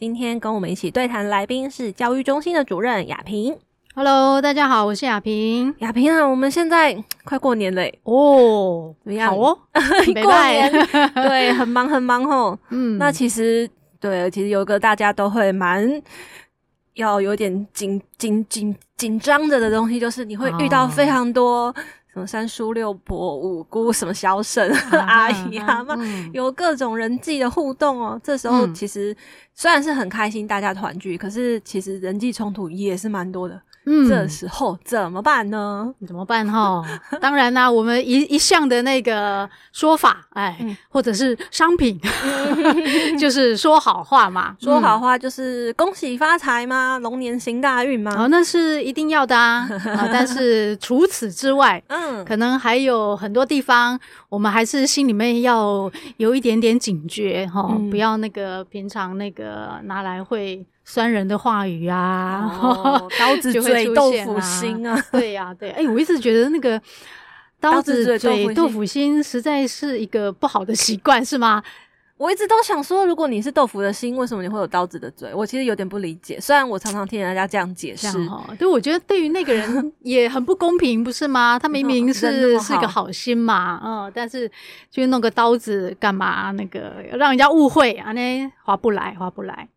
今天跟我們一起對談的來賓是教育中心的主任亞萍。Hello，大家好，我是亞萍。亞萍啊，我們現在快過年嘞哦、oh,，怎麼樣？好哦，沒 過年， 對，很忙很忙吼。嗯， 那其實對，其實有一個大家都會蠻要有點緊緊緊緊張着的東西，就是你會遇到非常多、oh.。嗯、三叔、六伯、五姑，什麼小嬸、uh -huh, 阿姨、啊、阿媽、uh -huh.，有各種人際的互動哦、喔。Uh -huh. 這時候其實雖然是很開心，大家團聚，uh -huh. 可是其實人際衝突也是蠻多的。這時候怎麼辦呢？嗯、怎麼辦哈？ 當然啦、啊，我們一一向的那個說法，哎，嗯、或者是商品， 就是說好話嘛，說好話就是、嗯、恭喜發財嘛，龍年行大運嘛，好、哦、那是一定要的啊， 啊。但是除此之外，嗯，可能還有很多地方，我們還是心裡面要有一點點警覺哈、哦嗯，不要那個平常那個拿來會。酸人的話語啊、oh,，刀子嘴豆腐心啊， 出啊， 對啊，對呀、啊，對、啊，哎、欸，我一直覺得那個刀子嘴豆腐心實在是一個不好的習慣，是嗎？我一直都想說，如果你是豆腐的心，為什麼你會有刀子的嘴？我其實有點不理解，雖然我常常聽人家這樣解釋哈、哦，對，我覺得對於那個人也很不公平， 不是嗎？他明明是是一個好心嘛，嗯，但是就弄個刀子幹嘛？那個讓人家誤會啊，那划不來，划不來。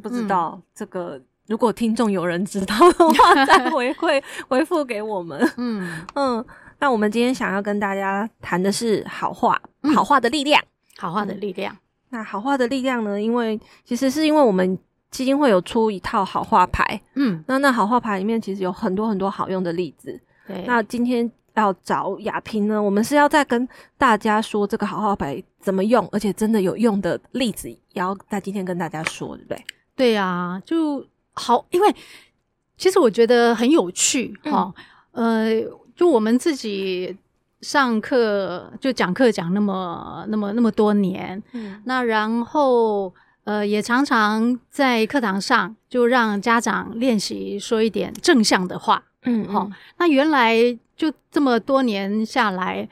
不知道、嗯、這個，如果聽眾有人知道的話， 再回饋回復給我們。嗯嗯，那我們今天想要跟大家談的是好話，好話的力量，嗯、好話的力量、嗯。那好話的力量呢？因為其實是因為我們基金會有出一套好話牌。嗯，那那好話牌裡面其實有很多很多好用的例子。對，那今天要找雅萍呢？我們是要再跟大家說這個好話牌怎麼用，而且真的有用的例子，也要在今天跟大家說，對不對？對呀、啊，就好，因為其實我覺得很有趣哈、嗯哦。呃，就我們自己上課就講課講那麼那麼那麼多年，嗯，那然後呃也常常在課堂上就讓家長練習說一點正向的話，嗯，好、哦，那原來就這麼多年下來，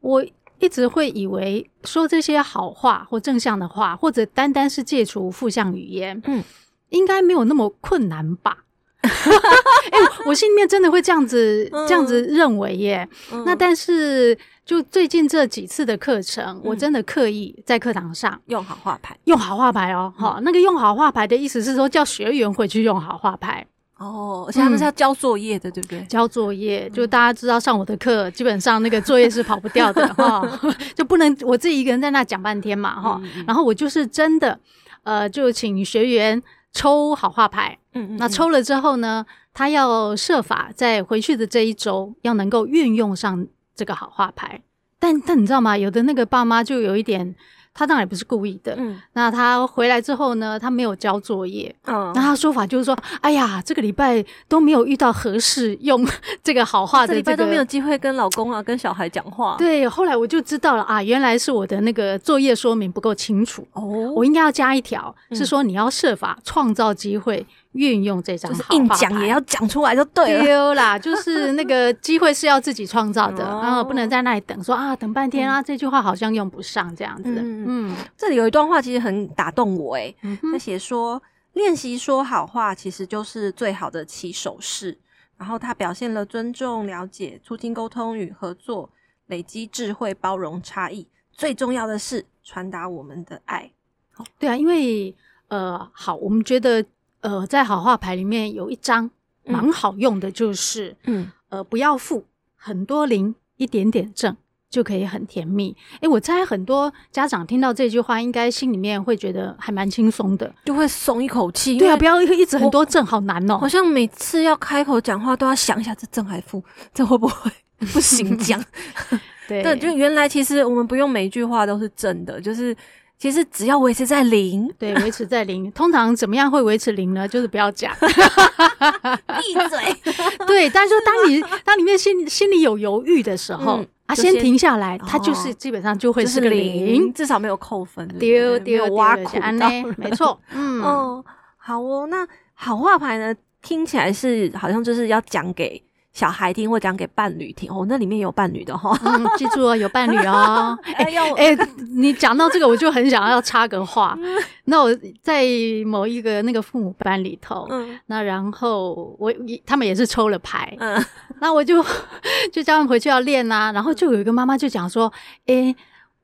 我，一直會以為說這些好話或正向的話，或者單單是戒除負向語言，嗯，應該沒有那麼困難吧？哎、 欸，我心裡面真的會這樣子、嗯、這樣子認為耶。嗯、那但是就最近這幾次的課程、嗯，我真的刻意在課堂上用好話牌，用好話牌哦。哈、嗯，那個用好話牌的意思是說，叫學員回去用好話牌。哦，而且他們是要交作業的、嗯，對不對？交作業，就大家知道上我的課，嗯、基本上那個作業是跑不掉的哈， 哦、 就不能我自己一個人在那講半天嘛哈、哦嗯嗯。然後我就是真的，呃，就請學員抽好話牌，嗯，嗯嗯，那抽了之後呢，他要設法在回去的這一周要能夠運用上這個好話牌。但但你知道嗎？有的那個爸媽就有一點。他當然不是故意的。嗯，那他回來之後呢？他沒有交作業。嗯，那他說法就是說：“哎呀，這個禮拜都沒有遇到合適用這個好話的，這個啊。這個禮拜都沒有機會跟老公啊、跟小孩講話。”對，後來我就知道了啊，原來是我的那個作業說明不夠清楚，哦，我應該要加一條，是說你要設法創造機會。嗯。運用這張好話，就是硬講也要講出來就對了。丟啦，就是那個機會是要自己創造的 然後不能在那裡等說，說啊，等半天啊，嗯、這句話好像用不上這樣子。嗯嗯，嗯，這裡有一段話，其實很打動我，欸。哎、嗯，他寫說，練習說好話，其實就是最好的起手式。然後它表現了尊重、了解、促進溝通與合作、累積智慧、包容差異，嗯。最重要的是傳達我們的愛。對啊，因為呃，好，我們覺得。呃，在好話牌裡面有一張蠻、嗯、好用的，就是嗯，呃，不要負很多零，一點點正就可以很甜蜜。哎、欸，我猜很多家長聽到這句話，應該心裡面會覺得還蠻輕鬆的，就會鬆一口氣。對啊，不要一直很多正好難哦、喔，好像每次要開口講話都要想一下這正還負，這會不會不行講 對，就原來其實我們不用每一句話都是正的，就是。其實只要維持，持在零，對，維持在零。通常怎麼樣會維持零呢？就是不要講，閉嘴。對，但是當你是當裡面心心裡有猶豫的時候、嗯、啊，先停下來、哦，它就是基本上就會是個零，就是、零至少沒有扣分。丟丟挖苦到，沒錯。沒錯 嗯，哦，好哦。那好話牌呢？聽起來是好像就是要講給。小孩聽或講給伴侶聽，哦，那裡面有伴侶的哈，嗯，記住了，哦，有伴侶哦，誒、 欸 欸、你講到這個我就很想要插個話， 嗯，那我在某一個那個父母班裡頭，嗯，那然後我他們也是抽了牌，嗯，那我就就叫他們回去要練啊，然後就有一個媽媽就講說，誒、欸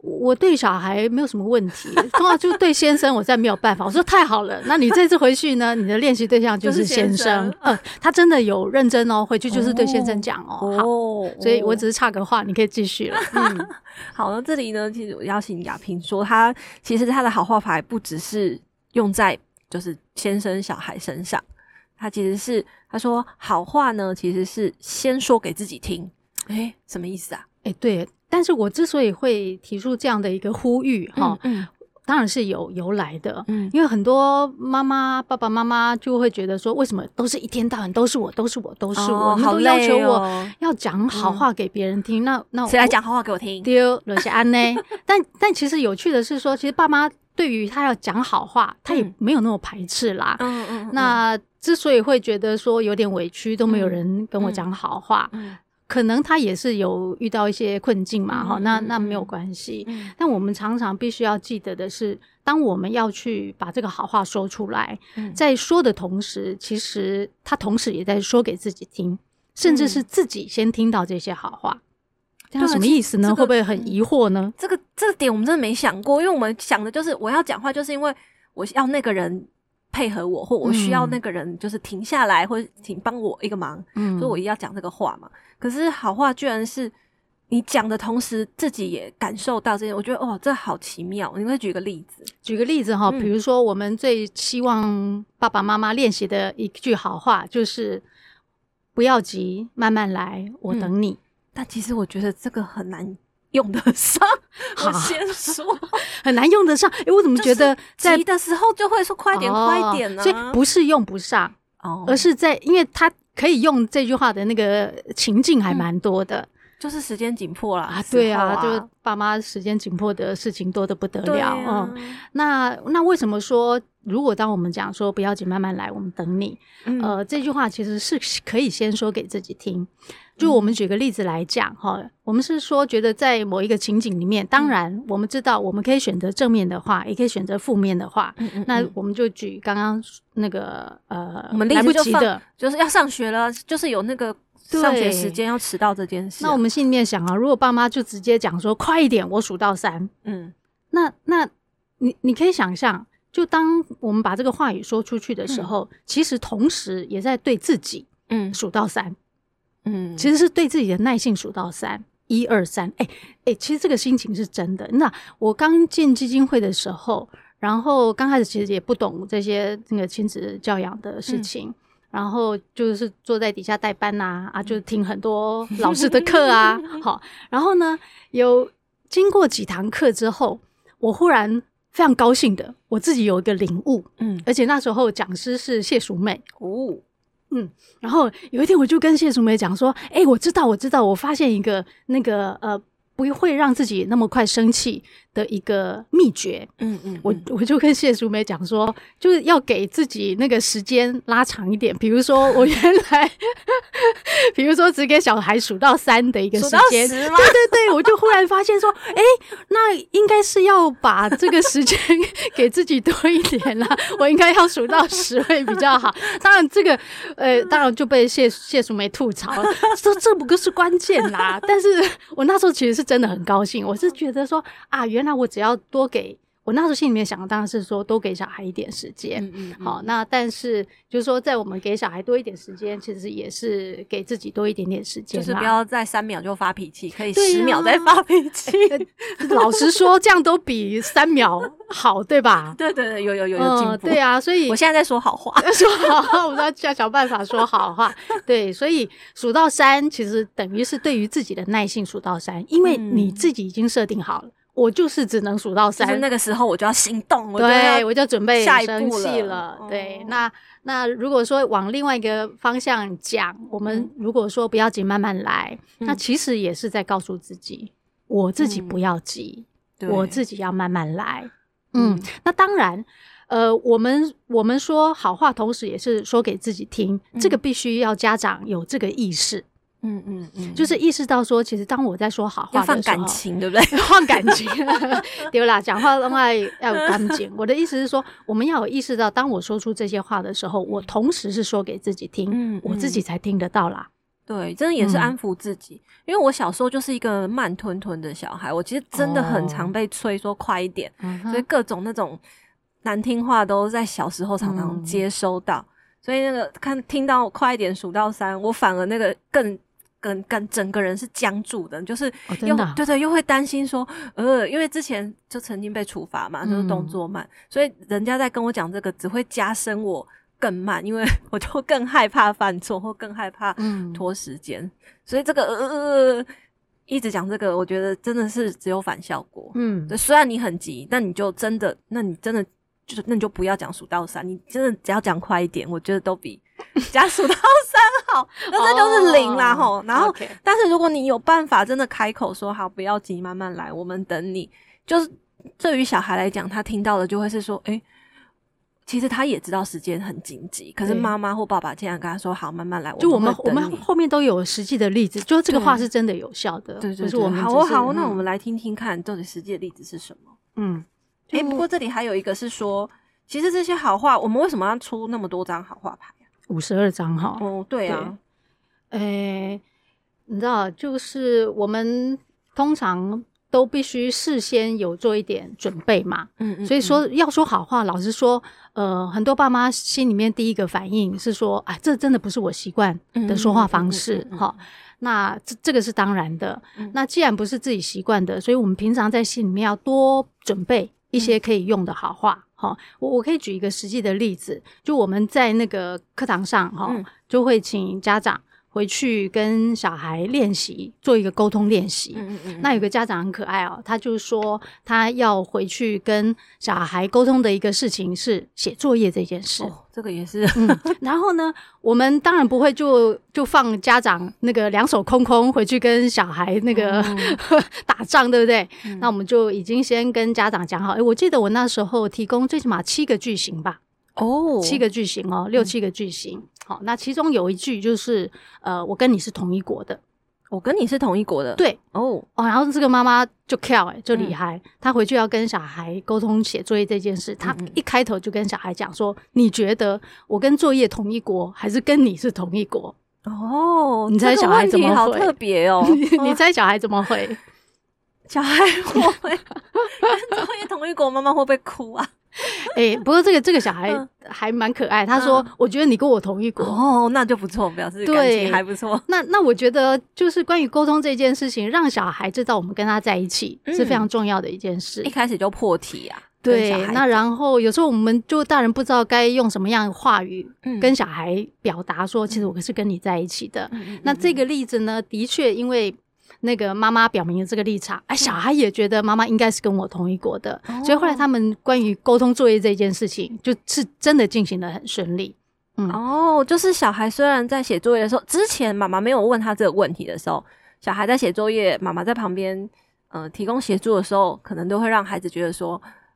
我對小孩沒有什麼問題，然後就對先生，我再沒有辦法。 我說太好了，那你這次回去呢？你的練習對象就是先生，就是、先生嗯， 他真的有認真哦，回去就是對先生講哦,哦。好，所以我只是插個話、哦，你可以繼續了。嗯、 好那這裡呢，其實我邀請亞萍說他，他其實他的好話牌不只是用在就是先生小孩身上，他其實是他說好話呢，其實是先說給自己聽。誒、欸、什麼意思啊？誒、欸、對。但是我之所以會提出這樣的一個呼籲，哈、嗯，嗯，當然是有由來的，嗯，因為很多媽媽、爸爸媽媽就會覺得說，為什麼都是一天到晚都是我，都是我，都是我，哦、都要求我要講好話、哦嗯、給別人聽，那那誰來講好話給我聽？丟羅些安呢？就是、 但但其實有趣的是說，其實爸媽對於他要講好話、嗯，他也沒有那麼排斥啦，嗯嗯，嗯。那之所以會覺得說有點委屈，都沒有人跟我講好話。嗯嗯可能他也是有遇到一些困境嘛，哈、嗯，那那沒有關係、嗯。但我們常常必須要記得的是，當我們要去把這個好話說出來、嗯，在說的同時，其實他同時也在說給自己聽，甚至是自己先聽到這些好話，嗯、這樣什麼意思呢、啊這個？會不會很疑惑呢？這個這個點我們真的沒想過，因為我們想的就是我要講話，就是因為我要那個人。配合我，或我需要那個人就是停下來，嗯，或請幫我一個忙，嗯，所以我一定要講這個話嘛。可是好話居然是你講的同時，自己也感受到這些，我覺得哦，這好奇妙。你可以舉個例子，舉個例子哈，比如說我們最希望爸爸媽媽練習的一句好話就是“不要急，慢慢來，我等你”，嗯。但其實我覺得這個很難。用得上，我先說很難用得上。哎，我怎麼覺得在急的時候就會說快點快點呢？啊哦？所以不是用不上，而是在，因為他可以用這句話的那個情境還蠻多的，嗯，就是時間緊迫了、啊，對啊，就爸媽時間緊迫的事情多得不得了、啊、嗯。那那為什麼說？如果當我們講說不要緊，慢慢來，我們等你，嗯、呃，這句話其實是可以先說給自己聽。就我們舉個例子來講哈、嗯，我們是說覺得在某一個情景裡面，當然我們知道我們可以選擇正面的話，也可以選擇負面的話。嗯嗯嗯。那我們就舉剛剛那個呃，我們來不及的，就是要上學了，就是有那個上學時間要遲到這件事、啊。那我們心裡面想啊，如果爸媽就直接講說快一點，我數到三，嗯，那那你你可以想象。就當我們把這個話語說出去的時候，嗯、其實同時也在對自己，數到三、嗯，嗯，其實是對自己的耐性數到三，一二三，哎、欸、哎，其實這個心情是真的。那我剛進基金會的時候，然後剛開始其實也不懂這些那個親子教養的事情、嗯，然後就是坐在底下代班啊，嗯、啊，就聽很多老師的課啊， 好，然後呢，有經過幾堂課之後，我忽然。非常高興的，我自己有一個領悟，嗯，而且那時候講師是謝淑美。哦，嗯，然後有一天我就跟謝淑美講說，哎、欸，我知道，我知道，我發現一個那個呃，不會讓自己那麼快生氣。的一個祕訣，嗯，嗯嗯，我我就跟謝淑梅講說，就是要給自己那個時間拉長一點，比如說我原來，比如說只給小孩數到三的一個時間，對對對，我就忽然發現說，哎、 欸，那應該是要把這個時間給自己多一點啦，我應該要數到十位比較好。當然這個，呃，當然就被謝謝淑梅吐槽了說這不就是關鍵啦。但是我那時候其實是真的很高興，我是覺得說啊原。那我只要多給我那時候心裡面想的，當然是說多給小孩一點時間，好、嗯嗯哦。那但是就是說，在我們給小孩多一點時間，其實也是給自己多一點點時間，就是不要在三秒就發脾氣，可以十秒再發脾氣、啊 欸。老實說，這樣都比三秒好， 對吧？對對對，有有有有進步、呃。對啊，所以我現在在說好話， 說好話，我們要想想辦法說好話。 對，所以數到三，其實等於是對於自己的耐性數到三， 因為你自己已經設定好了。我就是只能數到三，那個時候我就要行動，對，我就，要我就準備下一步了。對，嗯、那那如果說往另外一個方向講，嗯、我們如果說不要急，慢慢來，嗯、那其實也是在告訴自己，嗯、我自己不要急，嗯、我自己要慢慢來。嗯，嗯，那當然，呃，我們我們說好話，同時也是說給自己聽，嗯、這個必須要家長有這個意識。嗯嗯嗯，就是意識到說，其實當我在說好話，要放感情，對不對？放感情， 對啦。講話的話要有感情。 我的意思是說，我們要有意識到，當我說出這些話的時候，我同時是說給自己聽，嗯、我自己才聽得到啦。對，真的也是安撫自己、嗯，因為我小時候就是一個慢吞吞的小孩，我其實真的很常被催說快一點，哦嗯、所以各種那種難聽話都在小時候常常，常接收到、嗯，所以那個看聽到快一點數到三，我反而那個更。跟跟整個人是僵住的，就是又、oh, 啊、對對，又會擔心說，呃，因為之前就曾經被處罰嘛，就是動作慢，嗯、所以人家在跟我講這個，只會加深我更慢，因為我就更害怕犯錯或更害怕拖時間，嗯、所以這個呃呃呃，一直講這個，我覺得真的是只有反效果。嗯，就雖然你很急，但你就真的，那你真的就是那你就不要講數到三，你真的只要講快一點，我覺得都比。 加數到三好，那這就是零啦吼。Oh, 然後，okay. 但是如果你有辦法，真的開口說好，不要急，慢慢來，我們等你。就是對於小孩來講，他聽到的就會是說：誒、欸，其實他也知道時間很緊急，可是媽媽或爸爸竟然跟他說：好，慢慢來。我就，就我們我們後面都有實際的例子，就這個話是真的有效的。對、就是我就是，對，對對。好好，那我們來聽聽看，到底實際的例子是什麼？嗯，誒、欸，不過這裡還有一個是說，其實這些好話，我們為什麼要出那麼多張好話牌？五十二章，哈、哦，哦對啊，誒、欸，你知道，就是我們通常都必須事先有做一點準備嘛，嗯嗯，嗯，所以說要說好話，老實說，呃，很多爸媽心裡面第一個反應是說，啊，這真的不是我習慣的說話方式哈、嗯嗯嗯嗯嗯，那這這個是當然的、嗯，那既然不是自己習慣的，所以我們平常在心裡面要多準備一些可以用的好話。嗯好、哦，我我可以舉一個實際的例子，就我們在那個課堂上，哈、哦嗯，就會請家長。回去跟小孩練習做一個溝通練習。嗯嗯，那有個家長很可愛哦，他就說他要回去跟小孩溝通的一個事情是寫作業這件事。哦、這個也是、嗯。然後呢，我們當然不會就就放家長那個兩手空空回去跟小孩那個、嗯嗯、 打仗，對不對、嗯？那我們就已經先跟家長講好。誒，我記得我那時候提供最起碼七個句型吧。哦。七個句型哦，六七個句型。嗯好、哦，那其中有一句就是，呃，我跟你是同一國的，我跟你是同一國的，對，哦、oh.，哦，然後這個媽媽就跳哎，就厲害、嗯，她回去要跟小孩溝通寫作業這件事，她一開頭就跟小孩講說嗯嗯，你覺得我跟作業同一國，還是跟你是同一國？Oh, 哦， 你猜小孩怎麼會？好特別哦，你猜小孩我 怎麼會？小孩會不會跟作業同一國？媽媽會不會哭啊？哎、 欸，不過這個這個小孩還蠻可愛。嗯、他說、嗯：“我覺得你跟我同一國哦，那就不錯，表示對，還不錯。”那那我覺得就是關於溝通這件事情，讓小孩知道我們跟他在一起、嗯、是非常重要的一件事。一開始就破題啊，對。那然後有時候我們就大人不知道該用什麼樣的話語、嗯、跟小孩表達說，其實我是跟你在一起的。嗯、那這個例子呢，的確因為。那個媽媽表明了這個立場，欸，小孩也覺得媽媽應該是跟我同一國的，嗯，所以後來他們關於溝通作業這件事情，就是真的進行的很順利。嗯，哦，就是小孩雖然在寫作業的時候，之前媽媽沒有問他這個問題的時候，小孩在寫作業，媽媽在旁邊，嗯，呃，提供協助的時候，可能都會讓孩子覺得說，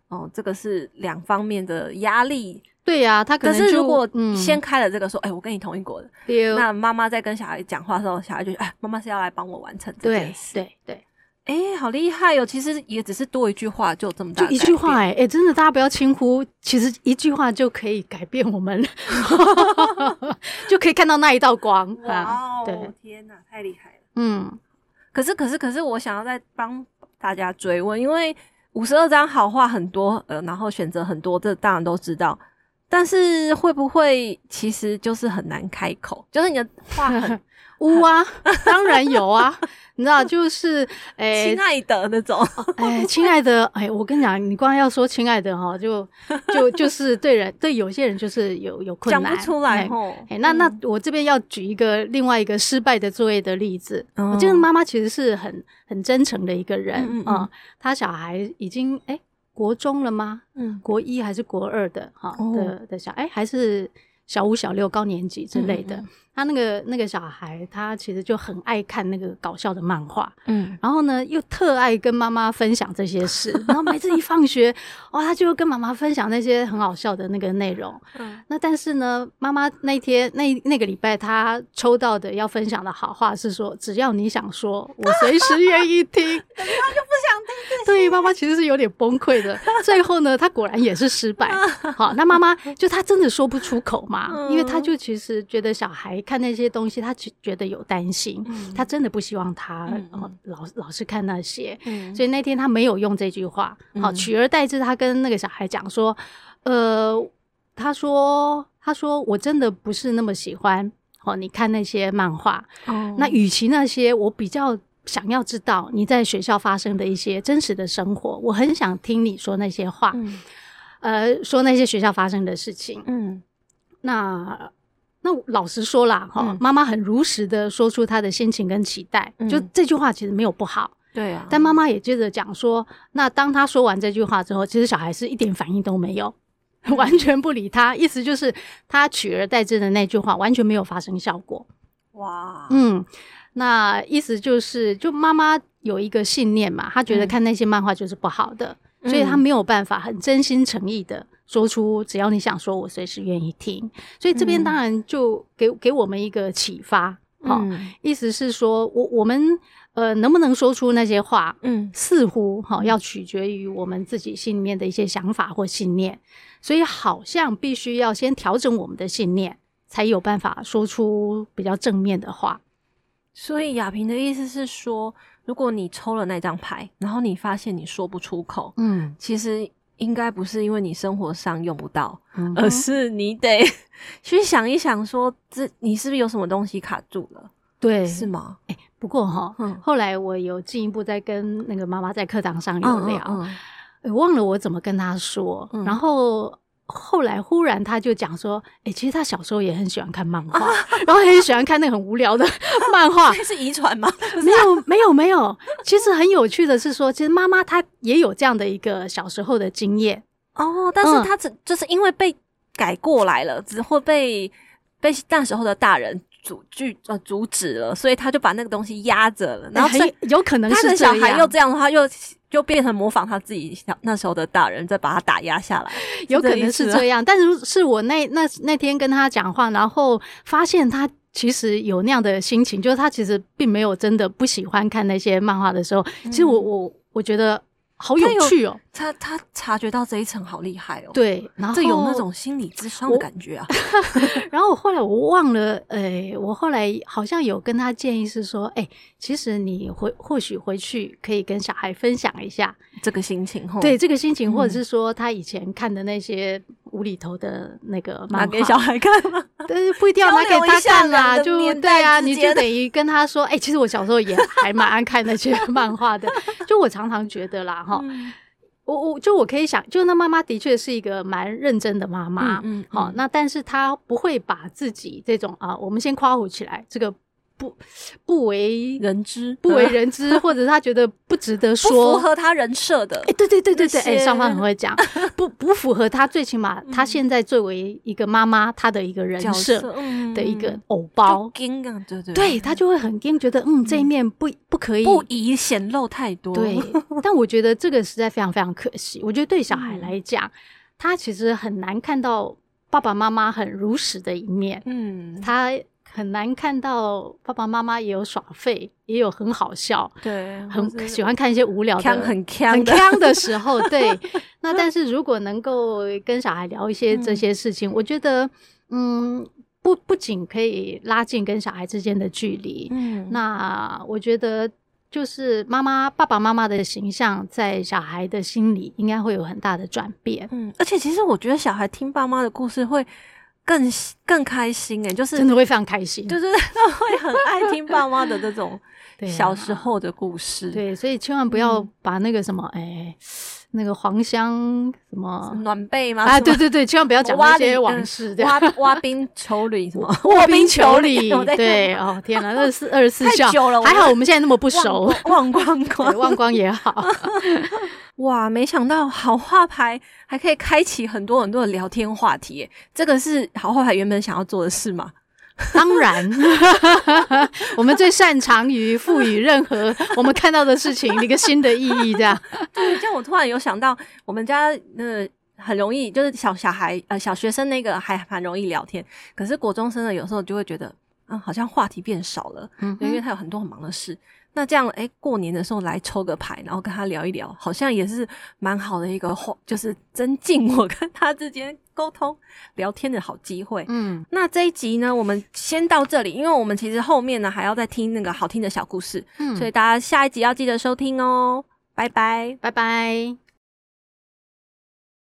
哦，呃，這個是兩方面的壓力。對呀、啊，他可，能可是如果先開了這個說，哎、嗯欸，我跟你同一國的，那媽媽在跟小孩講話的時候，小孩就覺哎，媽媽是要來幫我完成這件事。對對，哎、欸，好厲害哦、喔，其實也只是多一句話就這麼大，就一句話哎、欸欸，真的，大家不要輕忽，其實一句話就可以改變我們， 就可以看到那一道光。哇、wow,，天哪，太厲害了。嗯，可是可是可是，我想要再幫大家追問，因為五十二張好話很多，呃，然後選擇很多，這當然都知道。但是會不會其實就是很難開口？就是你的話很污、 嗯、啊，當然有啊， 你知道，就是誒、欸，親愛的那種、 欸，誒親愛的，誒、欸、我跟你講，你光要說親愛的哈、哦，就就就是對人對有些人就是有有困難，講不出來誒、哦欸欸、那那我這邊要舉一個、嗯、另外一個失敗的作業的例子，嗯、我記得媽媽其實是很很真誠的一個人嗯,嗯,嗯,嗯她小孩已經誒、欸國中了嗎？嗯，國一還是國二的？哈、嗯喔，的的小哎、欸，還是小五、小六高年級之類的。嗯嗯他那個那個小孩，他其實就很愛看那個搞笑的漫畫，嗯，然後呢又特愛跟媽媽分享這些事，然後每次一放學，哇、 哦，他就跟媽媽分享那些很好笑的那個內容，嗯，那但是呢，媽媽那天那那個禮拜，他抽到的要分享的好話是說，只要你想說，我隨時願意聽，他就不想聽這些，對，媽媽其實是有點崩潰的，最後呢，他果然也是失敗， 好，那媽媽就他真的說不出口嘛、嗯，因為他就其實覺得小孩。看那些東西，他覺覺得有擔心、嗯，他真的不希望他、嗯呃、老老是看那些、嗯，所以那天他沒有用這句話，嗯、好，取而代之，他跟那個小孩講說、嗯，呃，他說，他說，我真的不是那麼喜歡哦，你看那些漫畫、哦，那與其那些，我比較想要知道你在學校發生的一些真實的生活，我很想聽你說那些話，嗯、呃，說那些學校發生的事情，嗯，那。那老實說啦，哈、嗯，媽媽很如實的說出她的心情跟期待，嗯、就這句話其實沒有不好。對、嗯、啊。但媽媽也接着講說，那當她說完這句話之後，其實小孩是一點反應都沒有、嗯，完全不理她。意思就是她取而代之的那句話完全沒有發生效果。哇。嗯，那意思就是，就媽媽有一個信念嘛，她覺得看那些漫畫就是不好的、嗯，所以她沒有辦法很真心誠意的。說出「只要你想說，我隨時願意聽。」所以這邊當然就給、嗯、給我們一個啟發，好、嗯哦，意思是說我我們呃能不能說出那些話，嗯，似乎哈、哦、要取決於我們自己心裡面的一些想法或信念。所以好像必須要先調整我們的信念，才有辦法說出比較正面的話。所以亞平的意思是說，如果你抽了那張牌，然後你發現你說不出口，嗯，其實。應該不是因為你生活上用不到，嗯、而是你得 去想一想說，說這你是不是有什麼東西卡住了？對，是嗎？欸、不過哈、喔嗯，後來我有進一步在跟那個媽媽在課堂上有聊，聊嗯嗯嗯、欸，忘了我怎麼跟她說、嗯，然後。後來忽然他就講說，誒、欸，其實他小時候也很喜歡看漫畫、啊，然後也很喜歡看那個很無聊的、啊、 漫畫、啊。是遺傳嗎、啊？沒有沒有沒有。其實很有趣的是說，其實媽媽她也有這樣的一個小時候的經驗哦，但是她只、嗯、就是因為被改過來了，只會被被那時候的大人阻拒呃阻止了，所以他就把那個東西壓着了。然後、欸、很有可能是小孩又這樣的話又。就變成模仿他自己那時候的大人，再把他打壓下來、啊，有可能是這樣。但是是我那那那天跟他講話，然後發現他其實有那樣的心情，就是他其實並沒有真的不喜歡看那些漫畫的時候。嗯、其實我我我覺得。有好有趣哦、喔，他他，他察覺到這一層好厲害哦、喔，對，然後就有那種心理諮商的感覺啊。我 然後後來我忘了，哎、欸，我後來好像有跟他建議是說，哎、欸，其實你回或許回去可以跟小孩分享一下這個心情，對，這個心情，或者是說他以前看的那些。無厘頭的那個，拿給小孩看。但是不一定要拿給他看啦。就對啊，你就等於跟他說，哎、欸，其實我小時候也還蠻愛看那些漫畫的。 就我常常覺得啦，哈、嗯，我我就我可以想，就那媽媽的確是一個蠻認真的媽媽，嗯，好、嗯嗯，那但是她不會把自己這種啊，我們先誇唬起來這個。不不為人知， 不為人知，或者他覺得不值得說， 不符合他人設的。哎、欸，對對對對對，哎、欸，上 方很會講，不不符合他最起碼他現在作為一個媽媽， 他的一個人設的一個偶包，嗯啊、對，對對，對他就會很驚，覺得嗯這一面不、嗯、不可以不宜顯露太多。 對，但我覺得這個實在非常非常可惜。我覺得對小孩來講、嗯，他其實很難看到爸爸媽媽很如實的一面。嗯，他。很難看到爸爸媽媽也有耍廢，也有很好笑，對，很喜歡看一些無聊的，鏘很鏘的，很鏘的時候，對。 那但是如果能夠跟小孩聊一些這些事情，嗯，我覺得，嗯，不不僅可以拉近跟小孩之間的距離，嗯，那我覺得就是媽媽，爸爸媽媽的形象在小孩的心裡應該會有很大的轉變，嗯，而且其實我覺得小孩聽爸媽的故事會。更更開心哎、欸，就是真的會非常開心，就是他會很愛聽爸媽的這種、 啊、小時候的故事，對，所以千萬不要把那個什麼哎。嗯欸那個黃香什麼暖被嗎？啊，對對對，千萬不要講那些往事，挖、呃、這樣挖，挖冰求鯉什麼，臥冰求鯉，對，對哦，天哪，二十四二十四孝，太久了，還好我們現在那麼不熟，忘光忘光，光、欸，忘光也好。 哇，沒想到好話牌還可以開啟很多很多的聊天話題耶，這個是好話牌原本想要做的事嗎？ 當然。 我們最擅長於賦予任何我們看到的事情 一個新的意義，這樣。對，這樣我突然有想到，我們家呃很容易，就是小小孩呃小學生那個還蠻容易聊天，可是國中生的有時候就會覺得，嗯，好像話題變少了，嗯，因為他有很多很忙的事。那這樣，哎、欸，過年的時候來抽個牌，然後跟他聊一聊，好像也是蠻好的一個，就是增進我跟他之間溝通聊天的好機會。嗯，那這一集呢，我們先到這裡，因為我們其實後面呢還要再聽那個好聽的小故事，嗯，所以大家下一集要記得收聽哦。拜拜，拜拜。